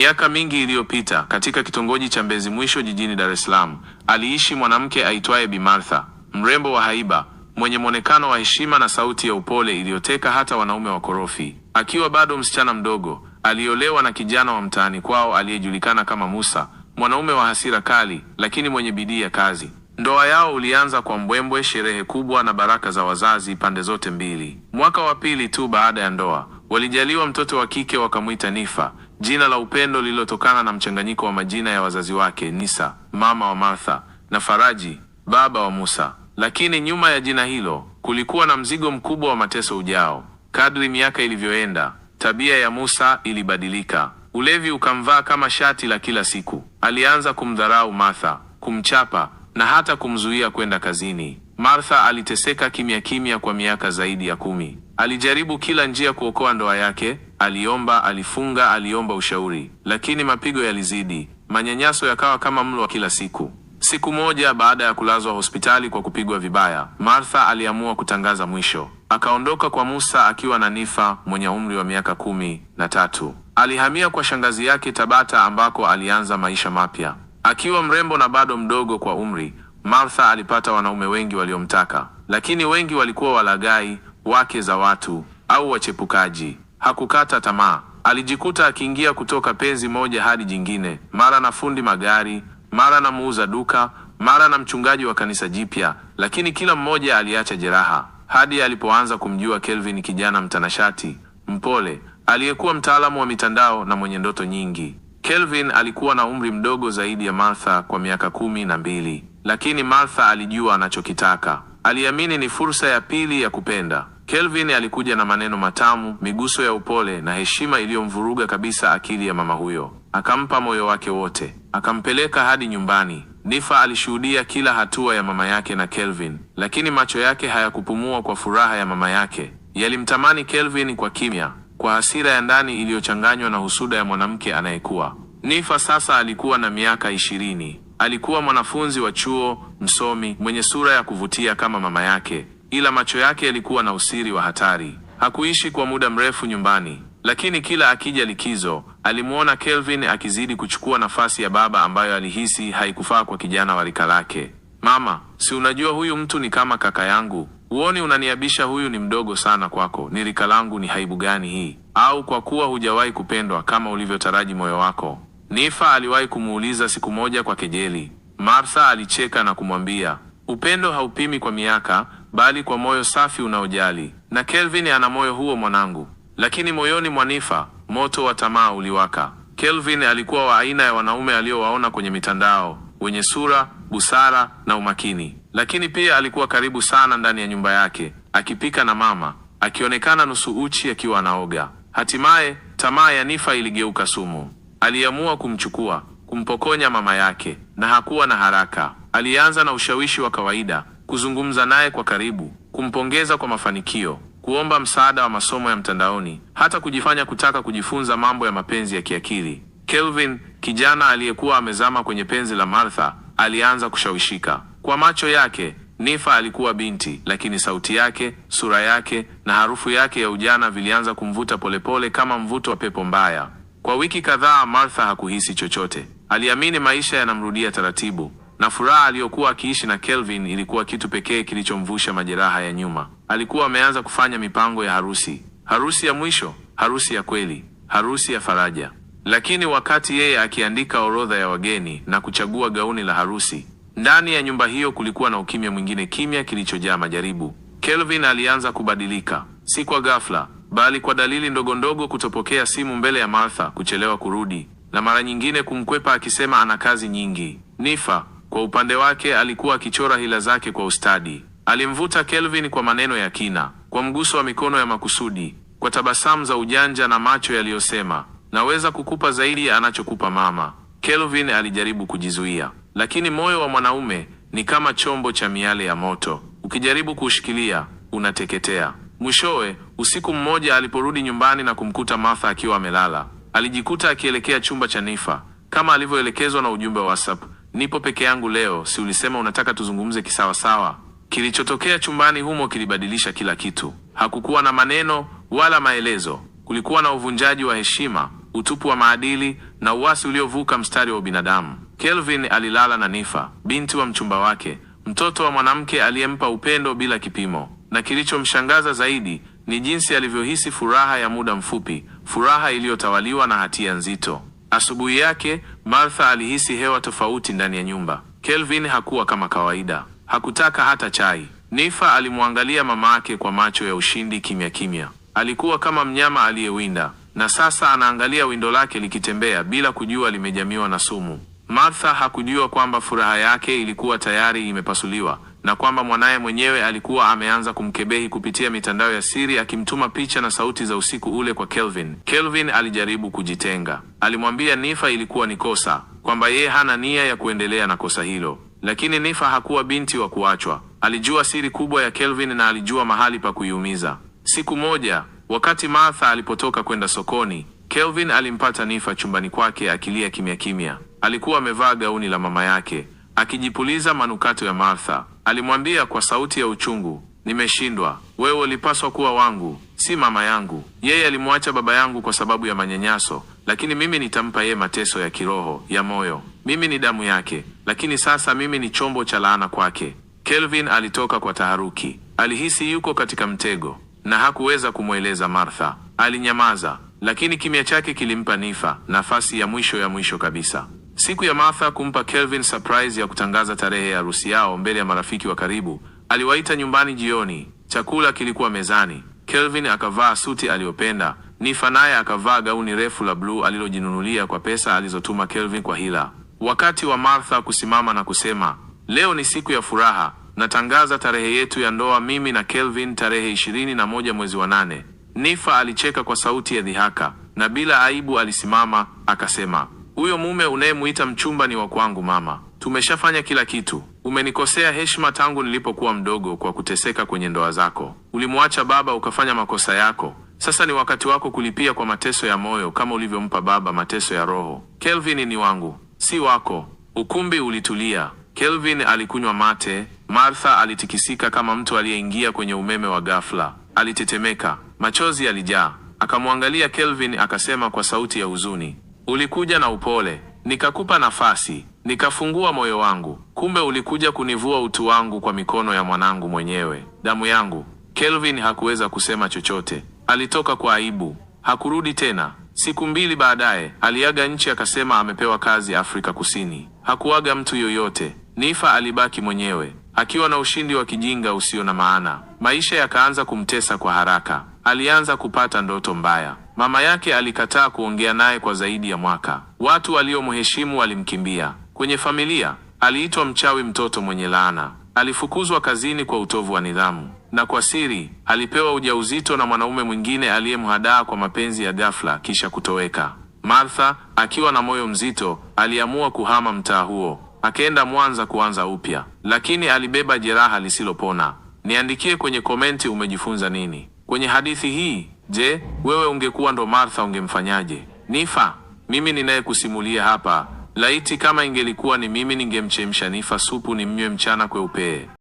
Miaka mingi iliyopita katika kitongoji cha Mbezi Mwisho jijini Dar es Salaam, aliishi mwanamke aitwaye Bi Martha, mrembo wa haiba, mwenye mwonekano wa heshima na sauti ya upole iliyoteka hata wanaume wakorofi. Akiwa bado msichana mdogo, aliolewa na kijana wa mtaani kwao aliyejulikana kama Musa, mwanaume wa hasira kali, lakini mwenye bidii ya kazi. Ndoa yao ulianza kwa mbwembwe, sherehe kubwa na baraka za wazazi pande zote mbili. Mwaka wa pili tu baada ya ndoa, walijaliwa mtoto wa kike wakamwita Nifa. Jina la upendo lililotokana na mchanganyiko wa majina ya wazazi wake Nisa, mama wa Martha, na Faraji, baba wa Musa. Lakini nyuma ya jina hilo kulikuwa na mzigo mkubwa wa mateso ujao. Kadri miaka ilivyoenda, tabia ya Musa ilibadilika. Ulevi ukamvaa kama shati la kila siku. Alianza kumdharau Martha, kumchapa na hata kumzuia kwenda kazini. Martha aliteseka kimya kimya kwa miaka zaidi ya kumi. Alijaribu kila njia kuokoa ndoa yake, Aliomba, alifunga, aliomba ushauri, lakini mapigo yalizidi. Manyanyaso yakawa kama mlo wa kila siku. Siku moja baada ya kulazwa hospitali kwa kupigwa vibaya, Martha aliamua kutangaza mwisho. Akaondoka kwa Musa akiwa na Nifa mwenye umri wa miaka kumi na tatu. Alihamia kwa shangazi yake Tabata, ambako alianza maisha mapya. Akiwa mrembo na bado mdogo kwa umri, Martha alipata wanaume wengi waliomtaka, lakini wengi walikuwa walagai wake za watu au wachepukaji. Hakukata tamaa, alijikuta akiingia kutoka penzi moja hadi jingine, mara na fundi magari, mara na muuza duka, mara na mchungaji wa kanisa jipya, lakini kila mmoja aliacha jeraha, hadi alipoanza kumjua Kelvin, kijana mtanashati, mpole, aliyekuwa mtaalamu wa mitandao na mwenye ndoto nyingi. Kelvin alikuwa na umri mdogo zaidi ya Martha kwa miaka kumi na mbili, lakini Martha alijua anachokitaka. Aliamini ni fursa ya pili ya kupenda. Kelvin alikuja na maneno matamu, miguso ya upole na heshima iliyomvuruga kabisa akili ya mama huyo. Akampa moyo wake wote, akampeleka hadi nyumbani. Nifa alishuhudia kila hatua ya mama yake na Kelvin, lakini macho yake hayakupumua kwa furaha ya mama yake. Yalimtamani Kelvin kwa kimya, kwa hasira ya ndani iliyochanganywa na husuda ya mwanamke anayekuwa. Nifa sasa alikuwa na miaka ishirini. Alikuwa mwanafunzi wa chuo, msomi, mwenye sura ya kuvutia kama mama yake ila macho yake yalikuwa na usiri wa hatari. Hakuishi kwa muda mrefu nyumbani, lakini kila akija likizo alimuona Kelvin akizidi kuchukua nafasi ya baba ambayo alihisi haikufaa kwa kijana wa rika lake. Mama, si unajua huyu mtu ni kama kaka yangu? Huoni unaniabisha? Huyu ni mdogo sana kwako, ni rika langu, ni haibu gani hii? Au kwa kuwa hujawahi kupendwa kama ulivyotaraji moyo wako? Nifa aliwahi kumuuliza siku moja kwa kejeli. Martha alicheka na kumwambia, upendo haupimi kwa miaka bali kwa moyo safi unaojali. Na Kelvin ana moyo huo mwanangu, lakini moyoni mwa nifa moto wa tamaa uliwaka. Kelvin alikuwa wa aina ya wanaume aliowaona kwenye mitandao, wenye sura, busara na umakini, lakini pia alikuwa karibu sana ndani ya nyumba yake, akipika na mama, akionekana nusu uchi, akiwa anaoga. Hatimaye tamaa ya nifa iligeuka sumu. Aliamua kumchukua, kumpokonya mama yake, na hakuwa na haraka. Alianza na ushawishi wa kawaida kuzungumza naye kwa karibu, kumpongeza kwa mafanikio, kuomba msaada wa masomo ya mtandaoni, hata kujifanya kutaka kujifunza mambo ya mapenzi ya kiakili. Kelvin, kijana aliyekuwa amezama kwenye penzi la Martha, alianza kushawishika. Kwa macho yake, Nifa alikuwa binti, lakini sauti yake, sura yake na harufu yake ya ujana vilianza kumvuta polepole kama mvuto wa pepo mbaya. Kwa wiki kadhaa, Martha hakuhisi chochote. Aliamini maisha yanamrudia taratibu na furaha aliyokuwa akiishi na Kelvin ilikuwa kitu pekee kilichomvusha majeraha ya nyuma. Alikuwa ameanza kufanya mipango ya harusi, harusi ya mwisho, harusi ya kweli, harusi ya faraja. Lakini wakati yeye akiandika orodha ya wageni na kuchagua gauni la harusi, ndani ya nyumba hiyo kulikuwa na ukimya mwingine, kimya kilichojaa majaribu. Kelvin alianza kubadilika, si kwa ghafla, bali kwa dalili ndogo ndogo kutopokea simu mbele ya Martha, kuchelewa kurudi, na mara nyingine kumkwepa akisema ana kazi nyingi. Nifa kwa upande wake alikuwa akichora hila zake kwa ustadi. Alimvuta Kelvin kwa maneno ya kina, kwa mguso wa mikono ya makusudi, kwa tabasamu za ujanja na macho yaliyosema, naweza kukupa zaidi ya anachokupa mama. Kelvin alijaribu kujizuia, lakini moyo wa mwanaume ni kama chombo cha miale ya moto, ukijaribu kuushikilia unateketea. Mwishowe, usiku mmoja aliporudi nyumbani na kumkuta Martha akiwa amelala, alijikuta akielekea chumba cha Nifa kama alivyoelekezwa na ujumbe wa WhatsApp nipo peke yangu leo, si ulisema unataka tuzungumze kisawasawa? Kilichotokea chumbani humo kilibadilisha kila kitu. Hakukuwa na maneno wala maelezo, kulikuwa na uvunjaji wa heshima, utupu wa maadili na uasi uliovuka mstari wa ubinadamu. Kelvin alilala na Nifa, binti wa mchumba wake, mtoto wa mwanamke aliyempa upendo bila kipimo, na kilichomshangaza zaidi ni jinsi alivyohisi furaha ya muda mfupi, furaha iliyotawaliwa na hatia nzito. Asubuhi yake Martha alihisi hewa tofauti ndani ya nyumba. Kelvin hakuwa kama kawaida, hakutaka hata chai. Nifa alimwangalia mama yake kwa macho ya ushindi kimya kimya. Alikuwa kama mnyama aliyewinda na sasa anaangalia windo lake likitembea bila kujua limejamiwa na sumu. Martha hakujua kwamba furaha yake ilikuwa tayari imepasuliwa na kwamba mwanaye mwenyewe alikuwa ameanza kumkebehi kupitia mitandao ya siri akimtuma picha na sauti za usiku ule kwa Kelvin. Kelvin alijaribu kujitenga, alimwambia Nifa ilikuwa ni kosa, kwamba yeye hana nia ya kuendelea na kosa hilo, lakini Nifa hakuwa binti wa kuachwa. Alijua siri kubwa ya Kelvin na alijua mahali pa kuiumiza. Siku moja wakati Martha alipotoka kwenda sokoni, Kelvin alimpata Nifa chumbani kwake akilia kimya kimya. Alikuwa amevaa gauni la mama yake akijipuliza manukato ya Martha. Alimwambia kwa sauti ya uchungu, nimeshindwa. Wewe ulipaswa kuwa wangu, si mama yangu. Yeye alimwacha baba yangu kwa sababu ya manyanyaso, lakini mimi nitampa yeye mateso ya kiroho, ya moyo. Mimi ni damu yake, lakini sasa mimi ni chombo cha laana kwake. Kelvin alitoka kwa taharuki. Alihisi yuko katika mtego na hakuweza kumweleza Martha. Alinyamaza, lakini kimya chake kilimpa Nifa nafasi ya mwisho ya mwisho kabisa. Siku ya Martha kumpa Kelvin surprise ya kutangaza tarehe ya harusi yao mbele ya marafiki wa karibu, aliwaita nyumbani jioni. Chakula kilikuwa mezani. Kelvin akavaa suti aliyopenda, Nifa naye akavaa gauni refu la bluu alilojinunulia kwa pesa alizotuma Kelvin kwa hila. Wakati wa Martha kusimama na kusema, leo ni siku ya furaha, natangaza tarehe yetu ya ndoa, mimi na Kelvin, tarehe ishirini na moja mwezi wa nane. Nifa alicheka kwa sauti ya dhihaka na bila aibu alisimama akasema huyo mume unayemuita mchumba ni wa kwangu mama, tumeshafanya kila kitu. Umenikosea heshima tangu nilipokuwa mdogo kwa kuteseka kwenye ndoa zako. Ulimwacha baba ukafanya makosa yako. Sasa ni wakati wako kulipia kwa mateso ya moyo kama ulivyompa baba mateso ya roho. Kelvin ni wangu, si wako. Ukumbi ulitulia. Kelvin alikunywa mate. Martha alitikisika kama mtu aliyeingia kwenye umeme wa ghafla. Alitetemeka, machozi yalijaa. Akamwangalia Kelvin akasema kwa sauti ya huzuni, Ulikuja na upole, nikakupa nafasi, nikafungua moyo wangu. Kumbe ulikuja kunivua utu wangu kwa mikono ya mwanangu mwenyewe, damu yangu. Kelvin hakuweza kusema chochote, alitoka kwa aibu, hakurudi tena. Siku mbili baadaye aliaga nchi, akasema amepewa kazi Afrika Kusini. Hakuaga mtu yoyote, Nifa alibaki mwenyewe akiwa na ushindi wa kijinga usio na maana. Maisha yakaanza kumtesa kwa haraka, alianza kupata ndoto mbaya. Mama yake alikataa kuongea naye kwa zaidi ya mwaka. Watu waliomheshimu walimkimbia kwenye familia. Aliitwa mchawi, mtoto mwenye laana, alifukuzwa kazini kwa utovu wa nidhamu, na kwa siri alipewa ujauzito na mwanaume mwingine aliyemhadaa kwa mapenzi ya ghafla, kisha kutoweka. Martha akiwa na moyo mzito, aliamua kuhama mtaa huo, akaenda Mwanza kuanza upya, lakini alibeba jeraha lisilopona. Niandikie kwenye komenti umejifunza nini kwenye hadithi hii. Je, wewe ungekuwa ndo Martha ungemfanyaje? Nifa, mimi ninayekusimulia hapa, laiti kama ingelikuwa ni mimi ningemchemsha Nifa supu nimnywe mchana kweupe.